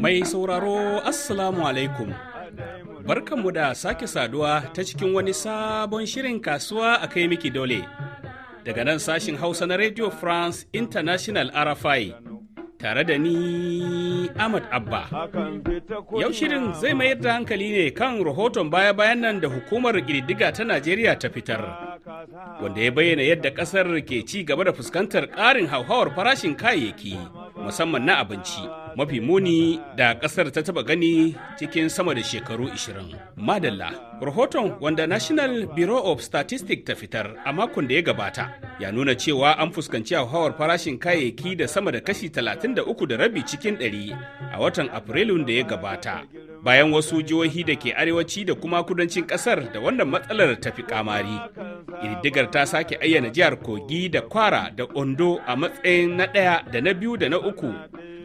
Mai sauraro Assalamu alaikum. Barkanmu da sake saduwa ta cikin wani sabon shirin kasuwa a kai miki dole. Daga nan sashin Hausa na Radio France International RFI tare da ni Ahmad Abba. Yau shirin zai mayar da hankali ne kan rahoton baya-bayan nan da hukumar ƙididdiga ta Najeriya ta fitar. wanda ya bayyana yadda kasar ke ci gaba da fuskantar ƙarin hauhawar farashin kayayyaki musamman na abinci mafi muni da kasar ta taba gani cikin sama da shekaru 20. Madalla, rahoton wanda National Bureau of Statistics ta fitar a makon da ya gabata ya nuna cewa an fuskanci hauhawar farashin kayayyaki da sama da kashi 33 da rabi cikin 100 a watan Afrilun da ya gabata. bayan wasu jihohi da ke arewaci da kuma kudancin kasar da wannan matsalar ta fi kamari. Ƙididdigar ta sake ayyana jihar Kogi da Kwara da Ondo a matsayin na ɗaya da na biyu da na uku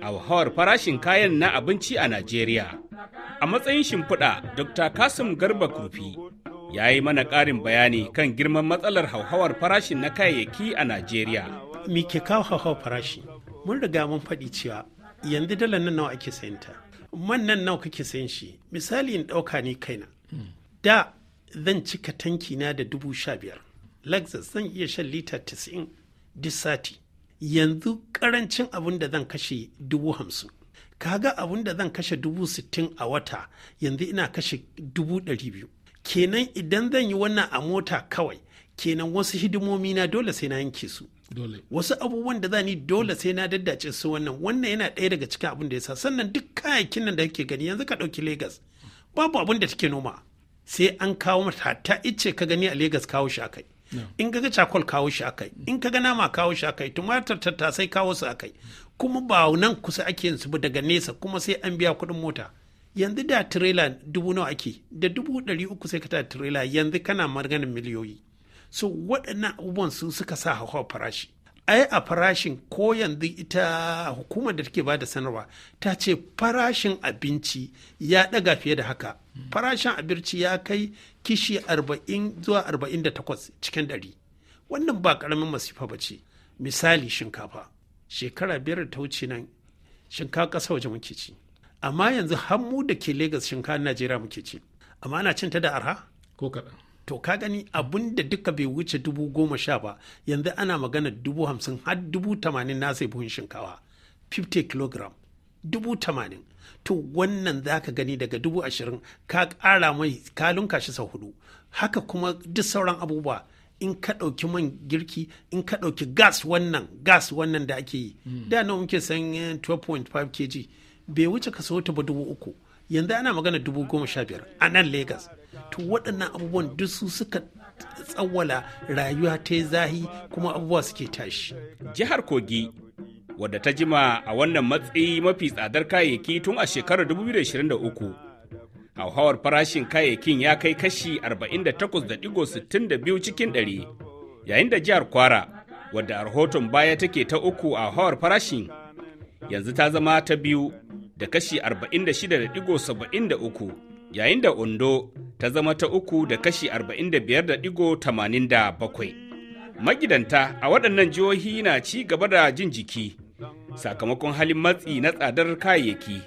a hawar farashin kayan na abinci a Najeriya. A matsayin shimfiɗa, Dr. Kasim Garba Kurfi ya yi mana ƙarin bayani kan girman matsalar hauhawar farashin na kayayyaki a Najeriya. Me ke kawo hauhawar farashi? Mun riga mun faɗi cewa yanzu dalar nan nawa ake sayanta. Mannan nawa kake sayan shi misali in ɗauka ni kaina da zan cika tanki na da dubu sha biyar lexus zan iya shan lita tasi'in duk sati yanzu karancin abin da zan kashe dubu hamsin kaga abin da zan kashe dubu sittin a wata yanzu ina kashe dubu ɗari biyu kenan idan zan yi wannan a mota kawai kenan wasu hidimomi na dole sai na yanke su wasu abubuwan da zani dole sai na daddace su wannan wannan yana ɗaya daga cikin abin da ya sa sannan duk kayayyakin nan da kake gani yanzu ka ɗauki Legas babu abin da take noma sai an kawo mata ta ice ka gani a Legas kawo shi akai in ka ga cakol kawo shi akai in ka ga nama kawo shi akai tumatir tattasai kawo su akai kuma ba nan kusa ake yin su ba daga nesa kuma sai an biya kuɗin mota yanzu da tirela dubu nawa ake da dubu ɗari uku sai ka ta tirela yanzu kana maganin miliyoyi so waɗannan abubuwan su suka sa hauhawar farashi ai a farashin ko yanzu ita hukumar da take ba da sanarwa ta ce farashin abinci ya ɗaga fiye da haka farashin abinci ya kai kishi 40 zuwa 48 cikin ɗari wannan ba ƙaramin masifa ba ce misali shinkafa shekara biyar da ta wuce nan shinkafa ƙasa waje muke ci amma yanzu mu da ke Legas shinkafa najeriya muke ci amma ana cin ta da arha ko kaɗan to ka gani abun da duka bai wuce dubu goma sha ba yanzu ana magana dubu hamsin har dubu tamanin na sai buhun shinkawa 50 kilogram dubu tamanin to wannan za ka gani daga dubu ashirin ka ƙara mai ka lunka sau hudu haka kuma duk sauran abubuwa in ka ɗauki man girki in ka ɗauki gas wannan gas wannan da ake yi hmm. da nawa muke san 12.5 eh, kg bai wuce kaso ta ba dubu uku yanzu ana magana dubu goma sha biyar a nan lagos to waɗannan abubuwan duk su suka tsawwala rayuwa ta zahi kuma abubuwa suke tashi jihar kogi wadda ta jima a wannan matsayi mafi tsadar kayayyaki tun a shekarar 2023 hauhawar farashin kayayyakin ya kai kashi 48.62 cikin 100 yayin da jihar kwara wadda a rahoton baya take ta uku a hauhawar farashin yanzu ta zama ta biyu da kashi 46.73 yayin da Ondo ta zama ta uku da kashi 45.87. Magidanta a waɗannan jihohi na ci gaba da jin jiki sakamakon halin matsi na tsadar kayayyaki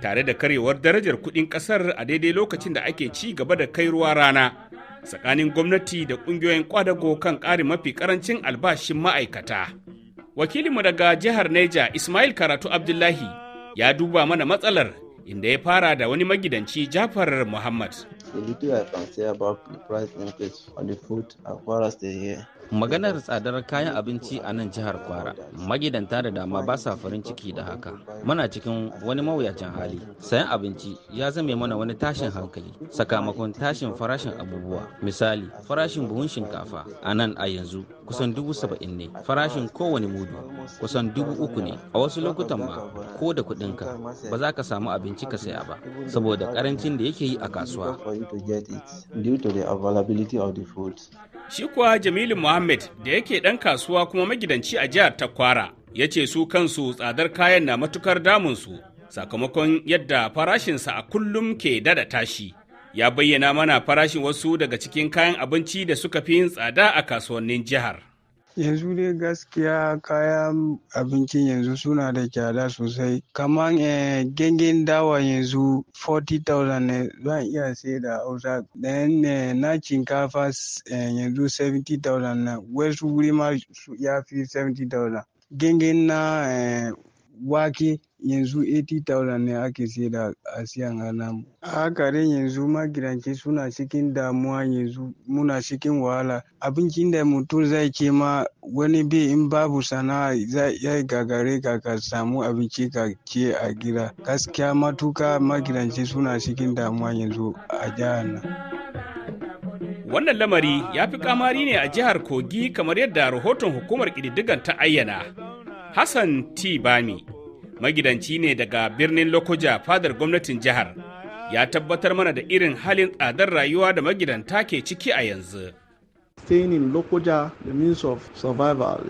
tare da karewar darajar kuɗin ƙasar a daidai lokacin da ake ci gaba da kai ruwa rana tsakanin gwamnati da ƙungiyoyin kwadago kan ƙarin mafi ƙarancin albashin ma'aikata. Wakilinmu daga jihar Neja Ismail Karatu Abdullahi ya duba mana matsalar inda ya fara da wani magidanci Jafar Muhammad. The little I can say about the price increase on the food as the year maganar tsadar kayan abinci a nan jihar kwara magidanta da dama ba sa farin ciki da haka muna cikin wani mawuyacin hali sayan abinci ya zame mana wani tashin hankali sakamakon tashin farashin abubuwa misali farashin buhun shinkafa a nan a yanzu kusan dubu saba'in ne farashin kowane mudu kusan dubu uku ne a wasu lokutan ma ko da kuɗinka ba za ka samu abinci ka saya ba saboda karancin da yake yi a kasuwa shi kuwa jamilu Mohammed da yake ɗan kasuwa kuma magidanci a jihar Takwara ya ce su kansu tsadar kayan na matukar damunsu sakamakon yadda farashinsa a kullum ke dada tashi. Ya bayyana mana farashin wasu daga cikin kayan abinci da suka fi yin tsada a kasuwannin jihar. yanzu dai gaskiya kayan abincin yanzu suna da tsada sosai kamar eh, gengen dawa yanzu 40,000 ne zan iya sai da hausa dan eh, na shinkafa eh, yanzu 70,000 ne wasu wuri ma ya fi 70,000 gengen na eh, wake yanzu 80,000 ne ake saida a siyan a mu, A haka dai yanzu magidanci suna cikin damuwa yanzu muna cikin wahala. Abincin da mutum zai ce ma wani bi in babu sana'a zai iya gagare ka ka samu abinci ka ce a gida. Gaskiya matuka magidanci suna cikin damuwa yanzu a jihar nan. Wannan lamari ya fi kamari ne a jihar Kogi kamar yadda rahoton hukumar ƙididdigan ta ayyana. Hassan T. Bami, magidanci ne daga birnin Lokoja fadar gwamnatin jihar, ya tabbatar mana da irin halin tsadar rayuwa da magidanta ke ciki a yanzu. staying Lokoja,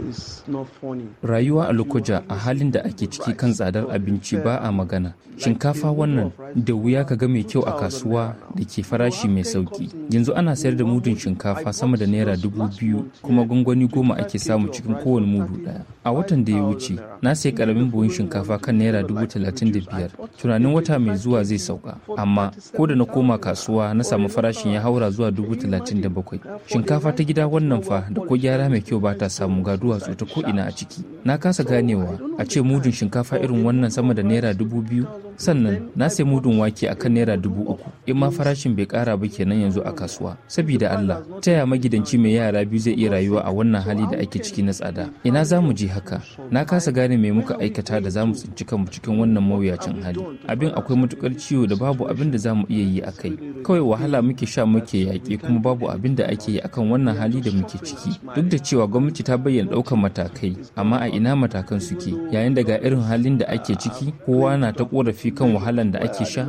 is not funny. Rayuwa a Lokoja a halin da ake ciki kan tsadar abinci ba a magana. Shinkafa wannan da wuya ka ga mai kyau a kasuwa da ke farashi mai sauki. Yanzu ana sayar da mudun shinkafa sama da naira dubu biyu kuma gwangwani goma ake samu cikin kowane mudu daya. A watan da ya wuce, na sayi karamin buhun shinkafa kan naira dubu talatin da biyar. Tunanin wata mai zuwa zai sauka, amma ko da na koma kasuwa na samu farashin ya haura zuwa dubu talatin da bakwai. Shinkafa ta gida wannan fa da ko gyara mai kyau ba ta samu ga duwatsu ko ina a ciki na kasa ganewa a ce mudun shinkafa irin wannan sama da naira dubu biyu sannan na sai mudun wake akan naira dubu uku in ma farashin bai kara ba kenan yanzu a kasuwa saboda Allah ta ya magidanci mai yara biyu zai iya rayuwa a wannan hali da ake ciki na tsada ina za mu je haka na kasa gane me muka aikata da za mu tsinci kanmu cikin wannan mawuyacin hali abin akwai matukar ciwo da babu abin da za mu iya yi a kai kawai wahala muke sha muke yaƙi kuma babu abin da ake yi akan wannan hali da muke ciki duk da cewa gwamnati ta bayyana ɗaukar matakai amma a ina matakan suke yayin daga irin halin da ake ciki kowa na ta korafi fi kan wahalan da ake sha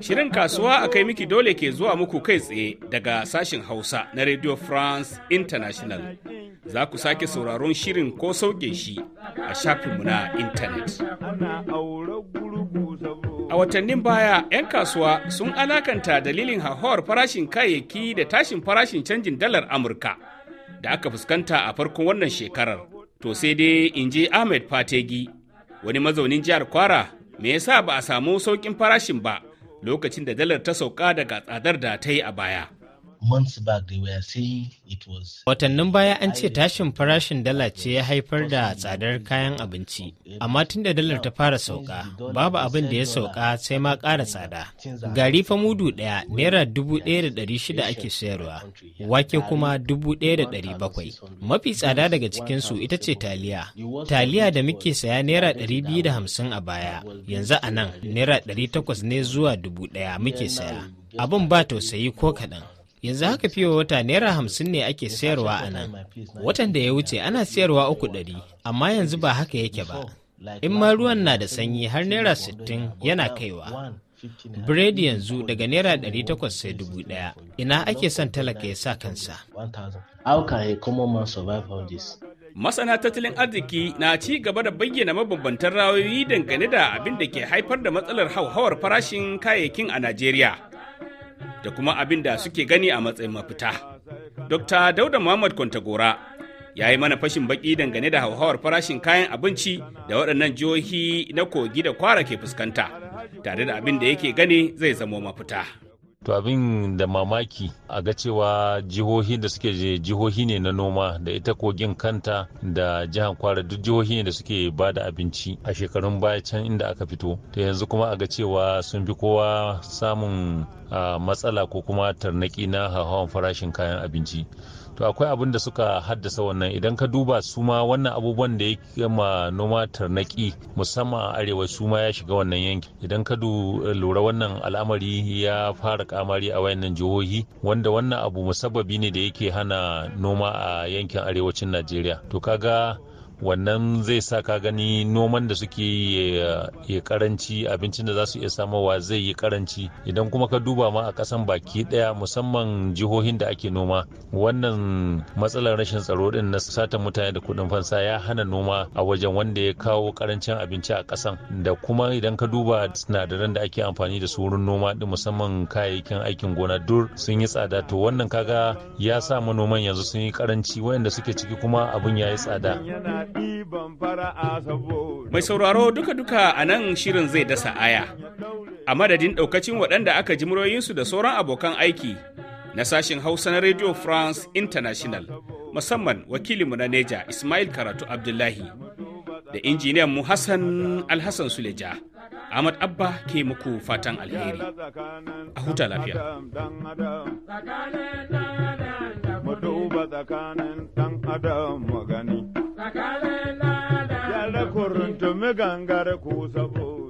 Shirin kasuwa a kai miki dole ke zuwa muku kai tsaye daga sashin Hausa na Radio France International. Za ku sake sauraron shirin ko sauke shi a shafinmu na intanet. A watannin baya, 'yan kasuwa sun alakanta dalilin hauhawar farashin kayayyaki da tashin farashin canjin dalar Amurka. da aka fuskanta a farkon wannan shekarar. To sai dai in je Ahmed Fategi, wani mazaunin jihar Kwara, me yasa ba a samu sauƙin farashin ba lokacin da dalar ta sauka daga tsadar da ta yi a baya. months watannin baya an ce tashin farashin dala ce ya haifar da tsadar kayan abinci amma tun da dalar ta fara sauka babu abin da ya sauka sai ma ƙara tsada gari fa mudu ɗaya naira dubu ɗaya da ɗari shida ake sayarwa wake kuma dubu ɗaya da ɗari bakwai mafi tsada daga cikinsu ita ce taliya taliya da muke saya naira ɗari biyu da hamsin a baya yanzu a nan naira ɗari takwas ne zuwa dubu ɗaya muke saya abin ba tausayi ko kaɗan yanzu haka fiye wata naira hamsin ne ake sayarwa a nan watan da ya wuce ana sayarwa uku ɗari amma yanzu ba haka yake ba in ma ruwan na da sanyi har naira sittin yana kaiwa biredi yanzu daga naira ɗari takwas sai dubu ɗaya ina ake son talaka ya sa kansa masana tattalin arziki na ci gaba da bayyana mabambantan rawayoyi dangane da abin da ke haifar da matsalar hauhawar farashin kayayyakin a najeriya da kuma abin da suke gani a matsayin mafita. Dr. Dauda Muhammad Kwantagora ya yi mana fashin baki dangane da hauhawar farashin kayan abinci da waɗannan jihohi na kogi da kwara ke fuskanta, tare da abin da yake gani zai zamo mafita. to abin da mamaki a ga cewa jihohi da suke je jihohi ne na noma da ita kogin kanta da jihar kwara duk jihohi ne da suke ba da abinci a shekarun baya can inda aka fito ta yanzu kuma a ga cewa sun fi kowa samun ah, matsala ko kuma tarnaki na hauhawan farashin kayan abinci to akwai abin da suka haddasa wannan idan ka duba su ma wannan abubuwan da ya ma noma tarnaki musamman a arewa su ma ya shiga wannan yanki idan ka eh, lura wannan al'amari ya fara kamari a wayannan jihohi wanda wannan abu musabbabi ne da yake hana noma a yankin arewacin najeriya to kaga wannan zai sa ka gani noman da suke ya karanci abincin da za su iya samarwa zai yi karanci idan kuma ka duba ma a kasan baki daya musamman jihohin da ake noma wannan matsalar rashin tsaro din na satan mutane da kudin fansa ya hana noma a wajen wanda ya kawo karancin abinci a kasan da kuma idan ka duba sinadaran da ake amfani da su wurin noma din musamman kayayyakin aikin gona dur sun yi tsada to wannan kaga ya sa manoman yanzu sun yi karanci wayanda suke ciki kuma abun ya yi tsada diban Mai sauraro duka-duka a nan shirin zai dasa aya. A madadin ɗaukacin waɗanda aka ji muryoyinsu da sauran abokan aiki na sashen Hausa na Radio France International, musamman wakilinmu na Neja Ismail Karatu Abdullahi da injiniyan mu Hassan Alhassan Suleja. Ahmad Abba ke muku fatan alheri. A huta lafiya. tsakanin dan adam mu gangar ku sabo.